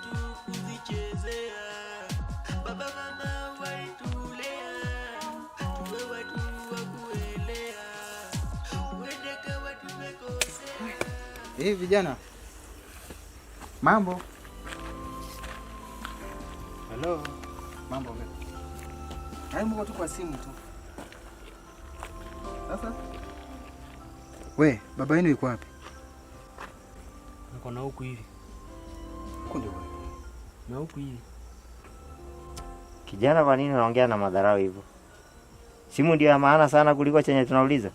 zetu kuzichezea. Baba mama tuwe watu wa kuelea, uende kawa tumekosea. Hey, vijana mambo. Hello, mambo vipi? tu kwa simu tu. Sasa we, baba yenu yuko wapi? Niko na huku hivi. Kunde wewe na huku hivi. Kijana, kwa nini unaongea na madharau hivyo? Simu ndio ya maana sana kuliko chenye tunauliza.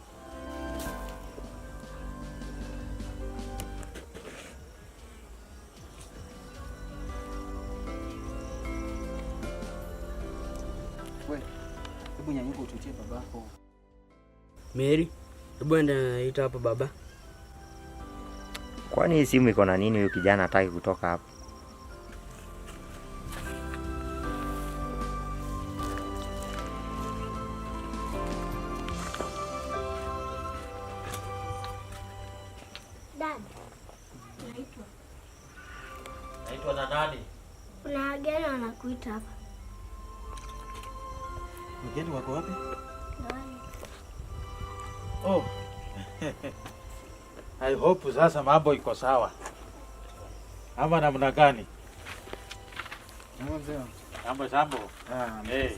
Hebu Mary, hebu enda ita baba. Kwani hii simu iko na nini? Huyu kijana hataki kutoka hapa. sasa mambo iko sawa ama namna gani? Jambo jambo. Ah, eh.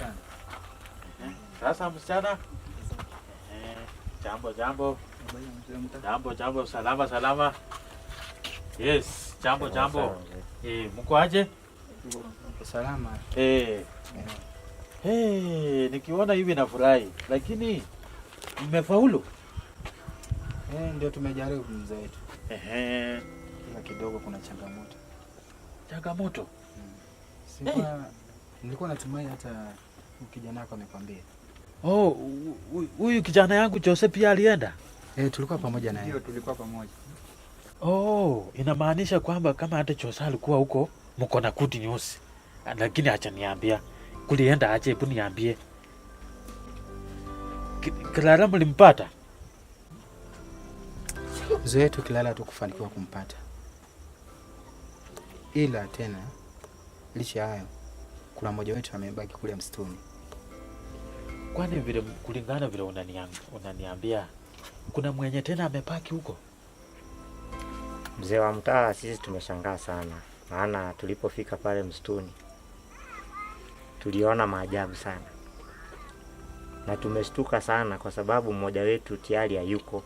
Sasa msichana, eh, jambo jambo, jambo jambo, salama salama. Yes, jambo jambo. Eh, mko aje? Salama. Eh. eh. nikiona hivi nafurahi, lakini mmefaulu? ndio tumejaribu mzee wetu. Ehe. Ila kidogo kuna changamoto. Changamoto? Hmm. Sikuwa hey. Eh. Nilikuwa natumai hata kijana wako amekwambia. Oh, huyu kijana yangu Jose pia alienda? Eh, tulikuwa pamoja naye. Ndio, tulikuwa pamoja. Oh, inamaanisha kwamba kama hata Jose alikuwa huko mko na good news. Lakini acha niambia. Kulienda aje, hebu niambie. Clara mlimpata? zoea tukilala tu kufanikiwa kumpata, ila tena licha hayo kuna mmoja wetu amebaki kule msituni. Kwani vile kulingana vile unaniambia kuna mwenye tena amebaki huko? Mzee wa mtaa, sisi tumeshangaa sana, maana tulipofika pale msituni tuliona maajabu sana na tumeshtuka sana, kwa sababu mmoja wetu tayari hayuko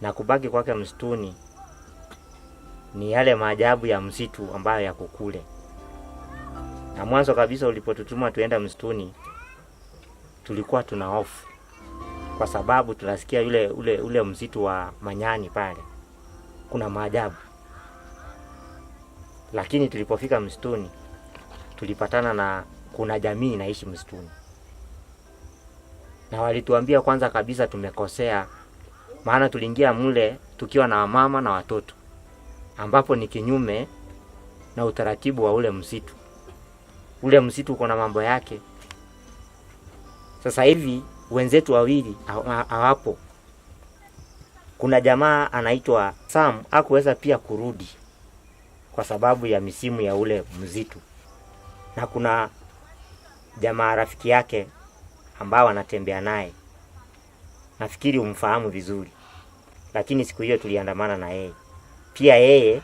na kubaki kwake msituni ni yale maajabu ya msitu ambayo yako kule. Na mwanzo kabisa ulipotutuma tuenda msituni, tulikuwa tuna hofu kwa sababu tunasikia yule ule, ule msitu wa manyani pale kuna maajabu, lakini tulipofika msituni tulipatana na kuna jamii inaishi msituni, na walituambia kwanza kabisa tumekosea maana tuliingia mule tukiwa na wamama na watoto, ambapo ni kinyume na utaratibu wa ule msitu. Ule msitu uko na mambo yake. Sasa hivi wenzetu wawili hawapo. Kuna jamaa anaitwa Sam hakuweza pia kurudi kwa sababu ya misimu ya ule mzitu na kuna jamaa rafiki yake ambao anatembea naye, nafikiri umfahamu vizuri lakini siku hiyo tuliandamana na yeye pia, yeye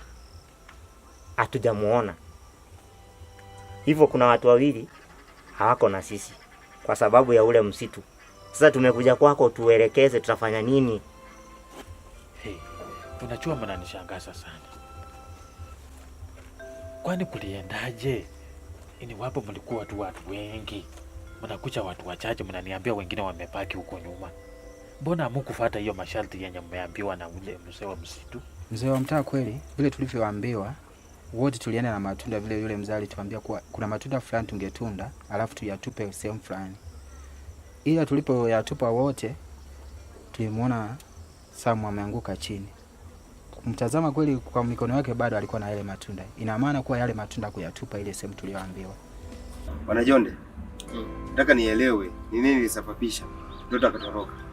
hatujamuona. Hivyo kuna watu wawili hawako na sisi kwa sababu ya ule msitu. Sasa tumekuja kwako, tuelekeze tutafanya nini? Hey, unachua mnanishangaza sana. Kwani kuliendaje? Ni wapo mlikuwa tu watu wengi, mnakucha watu wachache, mnaniambia wengine wamepaki huko nyuma. Mbona hamukufata hiyo masharti yenye mmeambiwa na ule mzee wa msitu? Mzee wa mtaa kweli, vile tulivyoambiwa wote tulienda na matunda vile yule mzee alituambia kuwa kuna matunda fulani tungetunda alafu tuyatupe sehemu fulani, ila tulipoyatupa wote tulimwona Samu ameanguka chini. Kumtazama kweli kwa mikono yake bado alikuwa na yale matunda. Ina maana kuwa yale matunda kuyatupa ile sehemu tuliyoambiwa. Bwana Jonde, mm. nataka nielewe ni nini ilisababisha ndoto akatoroka.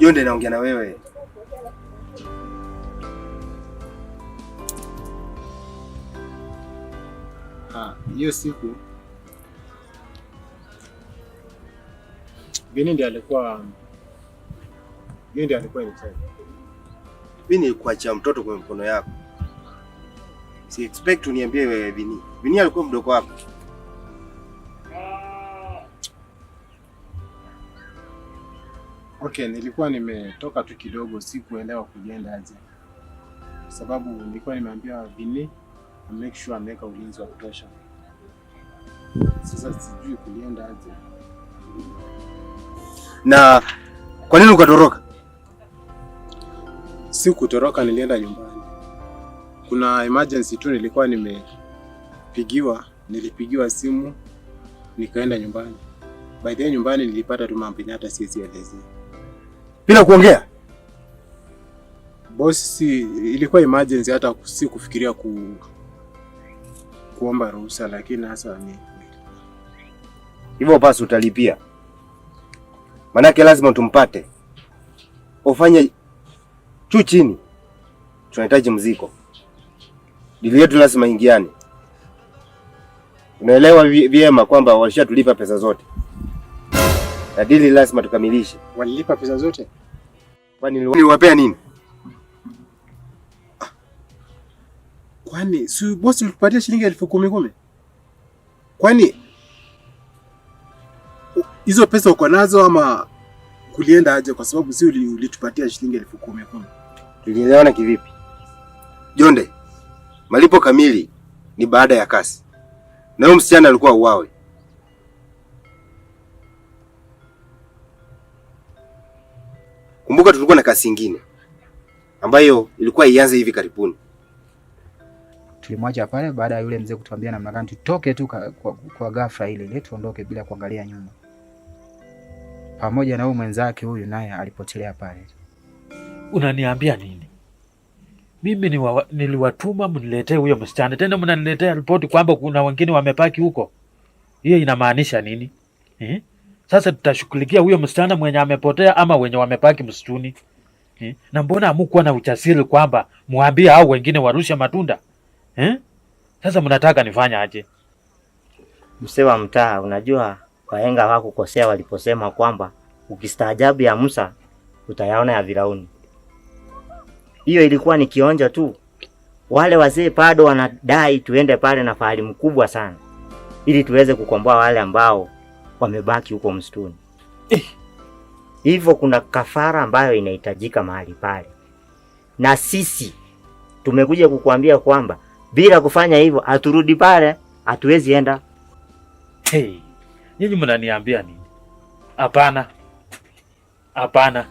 Jonde, naongea na wewe. Ah, hiyo siku Vini ndiye alikuwa Vini ndiye alikuwa ni tena. Mimi nilikuachia mtoto kwa mkono yako, si expect uniambie wewe Vini. Vini alikuwa mdogo wako. Okay, nilikuwa nimetoka tu kidogo, sikuelewa kujienda aje, sababu nilikuwa nimeambia Vini make sure ameweka ulinzi wa kutosha. Sasa sijui kulienda aje. Na kwa nini ukatoroka? Si kutoroka, nilienda nyumbani, kuna emergency tu, nilikuwa nimepigiwa, nilipigiwa simu nikaenda nyumbani. By the way, nyumbani nilipata tu mambo hata siwezi elezea bila kuongea. Bosi, ilikuwa emergency, hata si kufikiria ku kuomba ruhusa, lakini hasa ni hivyo. basi utalipia, manake lazima tumpate. Ufanye juu chini, tunahitaji mziko. Dili yetu lazima ingiane. Unaelewa vyema kwamba walishatulipa pesa zote na dili lazima tukamilishe. Walilipa pesa zote? Kwani niliwapea nini? Kwani si bosi ulitupatia shilingi elfu kumi kumi? Kwani hizo pesa uko nazo ama kulienda aje? Kwa sababu si ulitupatia shilingi elfu kumi kumi. Tulielewana kivipi? Jonde, malipo kamili ni baada ya kasi, na huyo msichana alikuwa uwawe Kumbuka tulikuwa na kasi nyingine ambayo ilikuwa ianze hivi karibuni. Tulimwacha pale baada ya yule mzee kutuambia namna gani tutoke tu kwa, kwa ghafla ile ile tuondoke bila kuangalia nyuma. Pamoja na huyu mwenzake huyu naye alipotelea pale. Unaniambia nini? Mimi wa, niliwatuma mniletee huyo msichana, tena mnaniletea ripoti kwamba kuna wengine wamepaki huko. Hiyo inamaanisha nini eh? Sasa tutashughulikia huyo msichana mwenye amepotea ama wenye wamepaki msituni. Eh? Na mbona hamukuwa na ujasiri kwamba mwambie au wengine warushe matunda? Eh? Sasa mnataka nifanya aje? mse wa mtaa, unajua wahenga hawakukosea waliposema kwamba ukistaajabu ya Musa utayaona ya virauni Hiyo ilikuwa ni kionja tu. Wale wazee bado wanadai tuende pale na fahari mkubwa sana ili tuweze kukomboa wale ambao wamebaki huko msituni eh. hivyo kuna kafara ambayo inahitajika mahali pale, na sisi tumekuja kukuambia kwamba bila kufanya hivyo haturudi pale, hatuwezi enda. Hey, nyinyi mnaniambia nini? Hapana, hapana,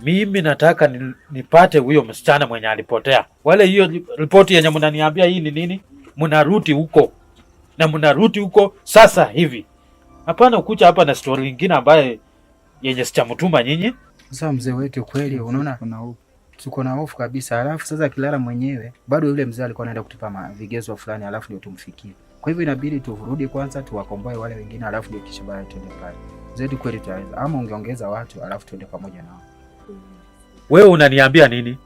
mimi nataka nipate huyo msichana mwenye alipotea. Wale hiyo ripoti yenye mnaniambia hii ni nini? Mnarudi huko na mnarudi huko sasa hivi. Hapana, ukucha hapa na story nyingine ambaye yenye sichamtuma nyinyi. Sasa mzee wetu kweli, unaona kuna hofu. Tuko na hofu kabisa. Alafu sasa kilala mwenyewe bado yule mzee alikuwa anaenda kutupa vigezo fulani, alafu ndio tumfikie. Kwa hivyo inabidi turudi kwanza tuwakomboe wale wengine, alafu ndio kisha baadaye tuende pale. Zaidi kweli tutaweza, ama ungeongeza watu alafu tuende pamoja nao. Wewe unaniambia nini?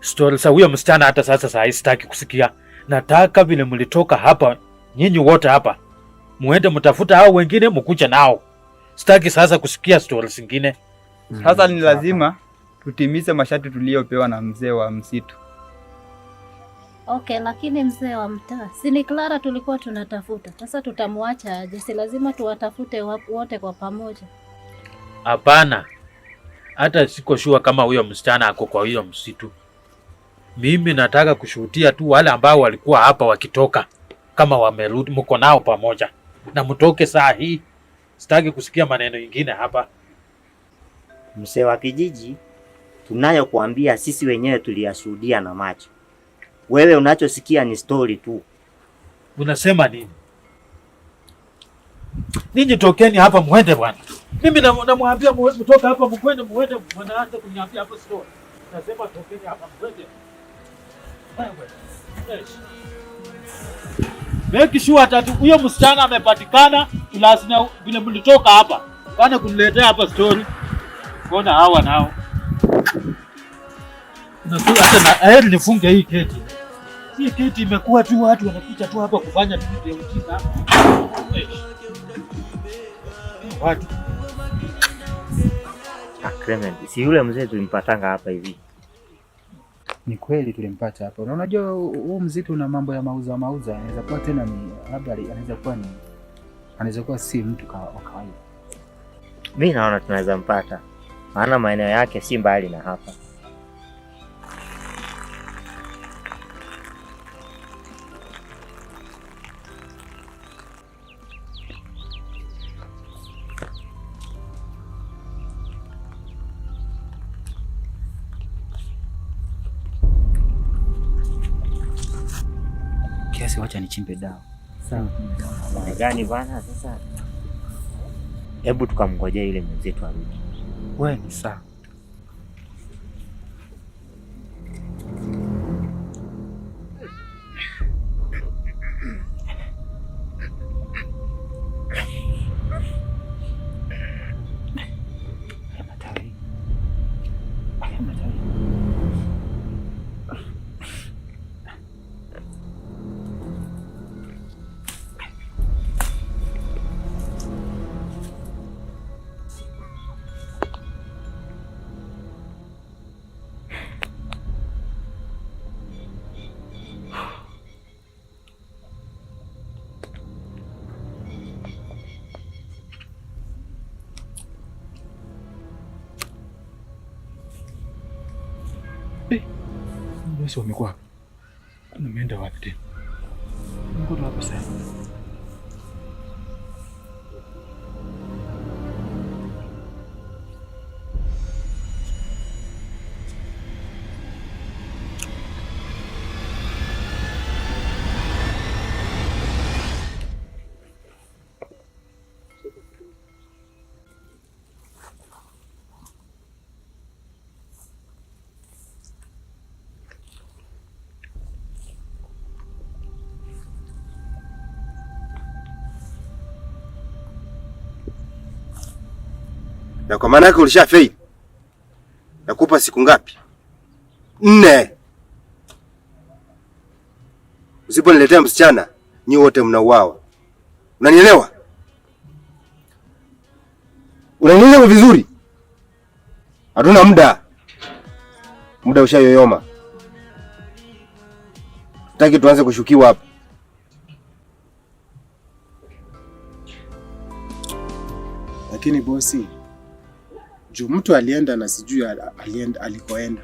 Story sa huyo msichana hata sasa saa sitaki kusikia. Nataka vile mlitoka hapa nyinyi wote hapa muende mtafuta hao wengine mkuche nao. Sitaki sasa kusikia stori zingine. Mm. Sasa ni lazima tutimize mashati tuliyopewa na mzee wa msitu. Okay, lakini mzee wa mtaa, si ni Clara tulikuwa tunatafuta. Sasa tutamwacha aje? Si lazima tuwatafute wote kwa pamoja? Hapana, hata siko shua kama huyo msichana ako kwa hiyo msitu. Mimi nataka kushuhudia tu wale ambao walikuwa hapa wakitoka, kama wamerudi, mko nao pamoja na mtoke saa hii, sitaki kusikia maneno ingine hapa. Mzee wa kijiji, tunayokuambia sisi wenyewe tuliyashuhudia na macho. Wewe unachosikia ni stori tu. Unasema nini? Ninyi tokeni hapa muende bwana. Mimi namwambia mtoka hapa muende muende, mnaanza kuniambia hapa stori. Nasema tokeni hapa muende make sure that huyo msichana amepatikana, lazima vile mlitoka hapa bana kuniletea hapa story. Mbona hawa nao hata na eh, nifunge hii keti. Hii keti imekuwa tu watu wanakuja tu hapa kufanya tu vya ujinga. Watu. Ah, Clement, si yule mzee tulimpatanga hapa hivi ni kweli tulimpata hapa na unajua huu mzitu na mambo ya mauza mauza, anaweza kuwa tena ni labda anaweza kuwa ni anaweza kuwa si mtu wa kawaida. Mimi naona tunaweza mpata, maana maeneo yake si mbali na hapa. acha nichimbe dawa. Sawa. Gani bwana sasa? Hebu tukamngojea ile mwenzetu arudi. Wewe ni sawa. wamekuwa wapi? Nimeenda wapi tena? sasa. na kwa maana yake ulisha fail. Nakupa siku ngapi? Nne. Usiponiletea msichana, nyi wote mnauawa. Unanielewa? Unanielewa vizuri? Hatuna muda, muda ushayoyoma. Taki tuanze kushukiwa hapa. Lakini bosi juu mtu alienda na sijui alienda alikoenda.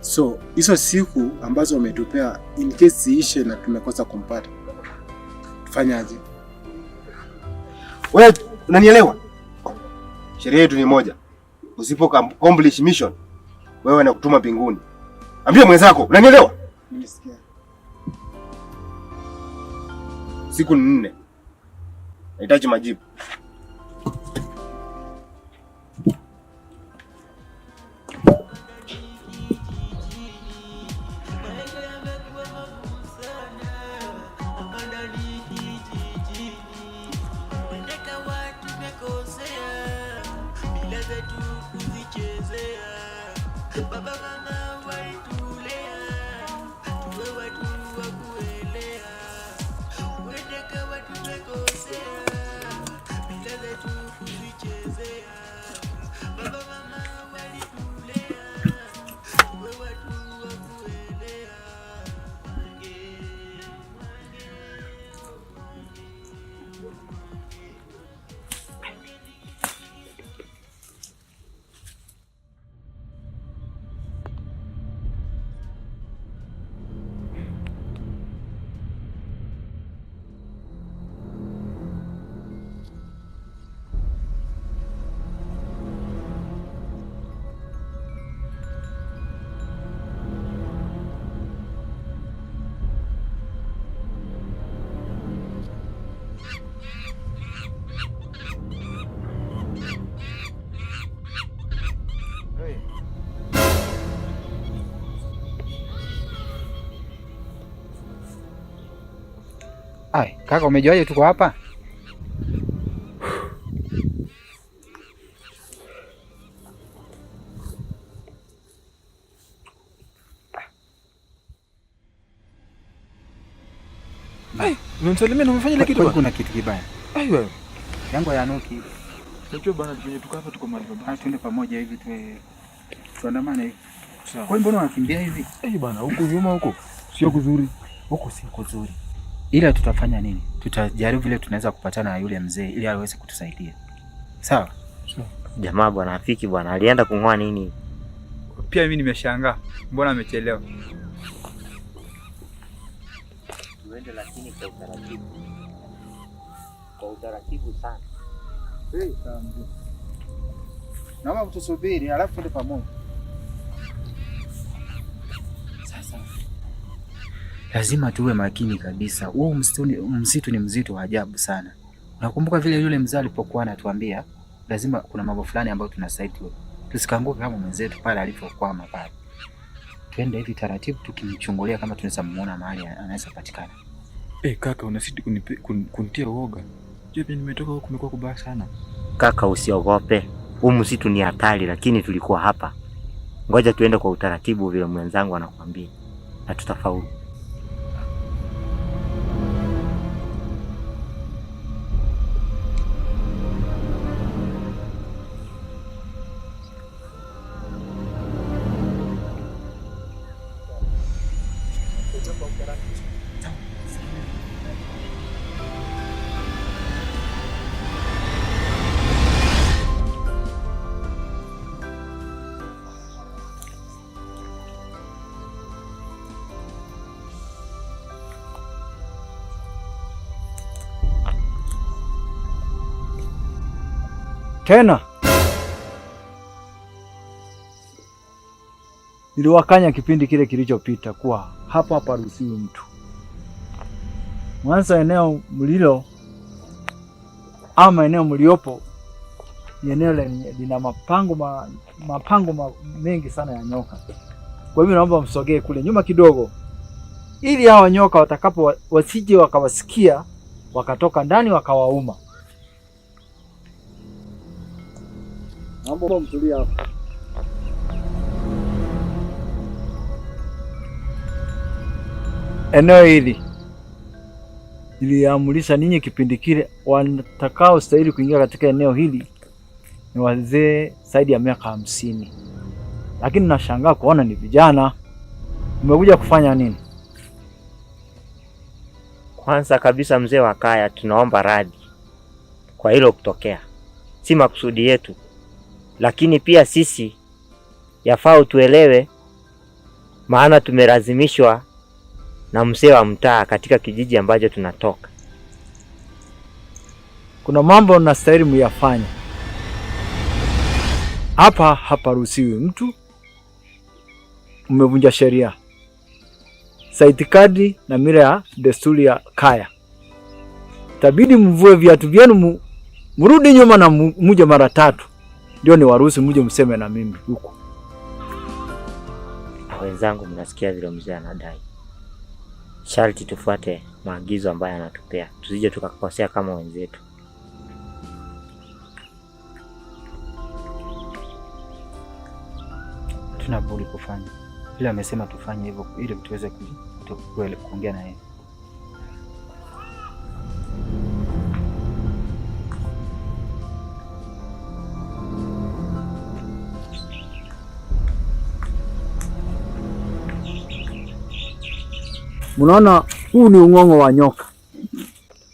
So hizo siku ambazo umetupea in case ishe na tumekosa kumpata tufanyaje? Wewe unanielewa? Sheria yetu ni moja, usipo accomplish mission wewe kutuma mbinguni. Ambia mwenzako, unanielewa? Nimesikia. Siku nne nahitaji majibu. zetu kuzichezea baba mama Ai, kaka umejuaje tuko hapa? Ai, unamsalimia na umefanya ile kitu. Kuna kitu kibaya. Ai wewe. Yangu ya Nuki. Sio bana tuje tuko hapa tuko mahali baba. Ah, Tuende pamoja hivi tuwe tuandamane hivi. Kwa hiyo mbona unakimbia hivi? Eh bana, huko nyuma huko sio kuzuri. Huko sio kuzuri ila tutafanya nini? Tutajaribu vile tunaweza kupatana na yule mzee ili aweze kutusaidia. Sawa jamaa. Bwana afiki bwana alienda kung'oa nini? Pia mimi nimeshangaa, mbona amechelewa? Tuende lakini kwa utaratibu, kwa utaratibu sana. Hey, naomba mtusubiri, alafu tuende pamoja sasa lazima tuwe makini kabisa. Huo msitu ni mzito wa ajabu sana. Nakumbuka vile yule mzee alipokuwa anatuambia lazima kuna mambo fulani ambayo tunasaidiwa tusikaanguke kama mwenzetu pale alivyokwama pale. Twende hivi taratibu, tukimchungulia kama tunaweza muona mahali anaweza patikana. Hey, eh, kaka unasiti kunitia kun, uoga. Je, nimetoka huko kumekuwa kubaya sana. Kaka usiogope, huu msitu ni hatari, lakini tulikuwa hapa. Ngoja tuende kwa utaratibu vile mwenzangu anakuambia na tutafaulu. Tena niliwakanya kipindi kile kilichopita kuwa hapa ruhusiwi mtu. Mwanza eneo mlilo ama eneo mliopo ni eneo lina mapango ma, mapango ma, mengi sana ya nyoka. Kwa hivyo naomba msogee kule nyuma kidogo, ili hawa nyoka watakapo wasije wakawasikia wakatoka ndani wakawauma. Naomba mtulia hapo. Eneo hili iliamrisha ninyi kipindi kile, watakao stahili kuingia katika eneo hili ni wazee zaidi ya miaka hamsini, lakini nashangaa kuona ni vijana. Umekuja kufanya nini? Kwanza kabisa, mzee wa kaya, tunaomba radhi kwa hilo kutokea, si makusudi yetu lakini pia sisi yafaa utuelewe, maana tumelazimishwa na mzee wa mtaa katika kijiji ambacho tunatoka. Kuna mambo nastahili muyafanya hapa. Haparuhusiwi mtu, umevunja sheria saitikadi na mila ya desturi ya kaya. Itabidi mvue viatu vyenu, murudi nyuma na muje mara tatu ndio ni waruhusu mje mseme na mimi huko. Wenzangu, mnasikia vile mzee anadai, sharti tufuate maagizo ambayo anatupea, tusije tukakosea kama wenzetu. Tuna budi kufanya ile amesema tufanye hivyo ili tuweze kuongea na yeye. Mnaona huu ni ung'ong'o wa nyoka,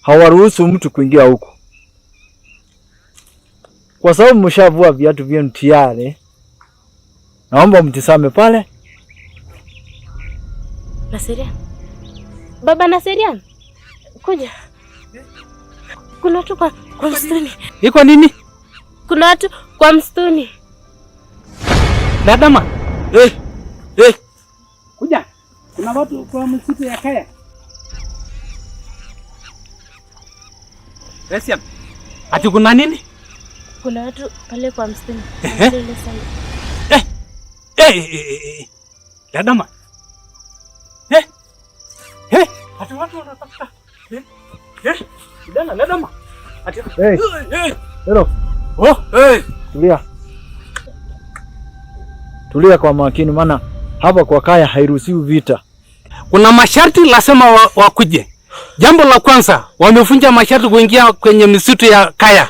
hawaruhusu mtu kuingia huko kwa sababu mshavua viatu vyenu tayari. Naomba mtisame pale. Naserian, baba Naserian, kuja, kuna watu kwa, kwa msituni. Iko nini? Kuna watu kwa msituni. Dadama, hey, eh! eh! hey. Kuja kuna watu kwa msitu ya Kaya. Yes, ati kuna nini? Kuna watu pale kwa msitu. Eh. Eh. Ladama. Eh eh, eh, eh. eh. Ati watu wanatafuta. Eh. Eh. Dana ladama. Ati. Eh. Hello. Oh, eh. Tulia. Tulia kwa makini maana hapa kwa Kaya hairuhusiwi vita kuna masharti lazima wakuje wa Jambo la kwanza wamevunja masharti kuingia kwenye misitu ya Kaya.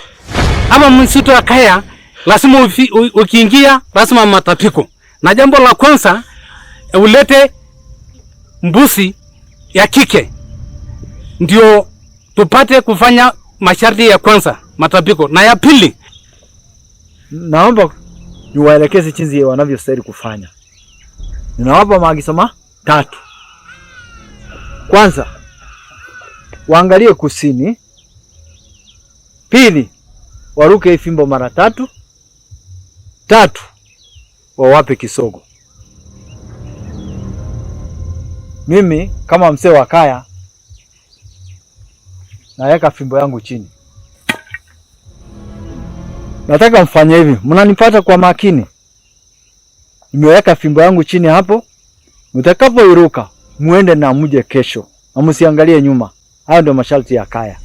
Ama misitu ya Kaya lazima ukiingia lazima matapiko. Na jambo la kwanza ulete mbuzi ya kike ndio tupate kufanya masharti ya kwanza matapiko. Na ya pili, naomba niwaelekeze chinzi wanavyostahili kufanya. Ninawapa maagizo matatu. Kwanza waangalie kusini, pili waruke hii fimbo mara tatu, tatu wawape kisogo. Mimi kama mzee wa kaya naweka fimbo yangu chini, nataka mfanye hivi, mnanipata kwa makini. Nimeweka fimbo yangu chini hapo, mtakapoiruka muende na muje kesho, na msiangalie nyuma. Hayo ndio masharti ya kaya.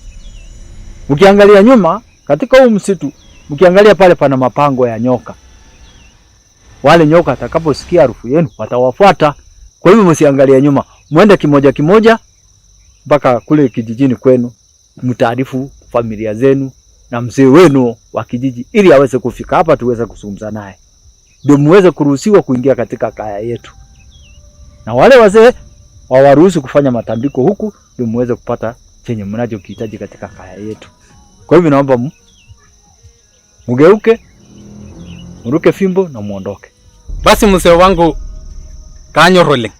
Mkiangalia nyuma katika huu msitu, mkiangalia pale pana mapango ya nyoka. Wale nyoka atakaposikia harufu yenu watawafuata. Kwa hivyo msiangalie nyuma, muende kimoja kimoja mpaka kule kijijini kwenu, mtaarifu familia zenu na mzee wenu wa kijiji, ili aweze kufika hapa tuweze kuzungumza naye, ndio muweze kuruhusiwa kuingia katika kaya yetu. Na wale wazee wawaruhusu kufanya matambiko huku ndio muweze kupata chenye mnachokihitaji katika kaya yetu. Kwa hivyo naomba mgeuke, mruke fimbo na muondoke. Basi mzee wangu kanyor oleng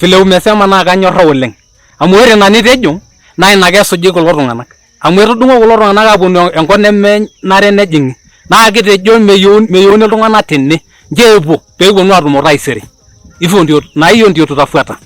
vile umesema, naa kanyorra oleng amu ore nanitejo na ina kesuji kulo tung'anak amu etudung'o kulo tung'anak aaponu enkop nemenare nejing'i naa kitejo meyieuni iltung'anak tene njeepuo peeponu atumo taisere. ifo ndio na hiyo ndio tutafuata.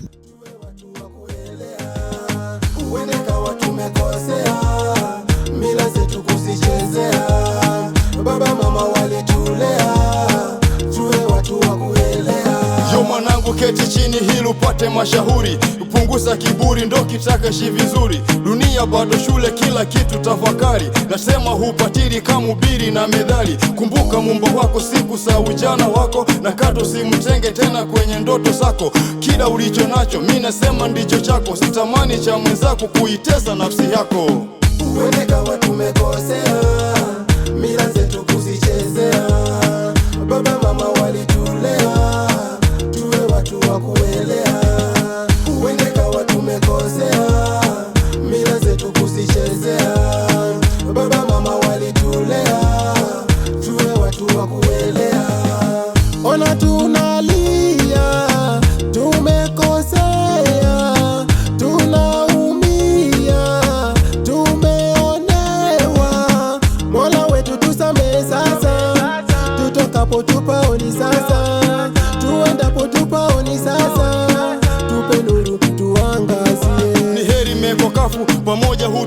ili upate mashauri, kupunguza kiburi ndo kitakashi vizuri. Dunia bado shule, kila kitu tafakari, nasema hupatiri kama ubiri na medali Kumbuka mumba wako siku za ujana wako, na kato simtenge tena kwenye ndoto zako. Kila ulicho nacho mi nasema ndicho chako, sitamani cha mwenzako kuitesa nafsi yako. Wende watu mekosea mila zetu kuzichezea baba kubwa moja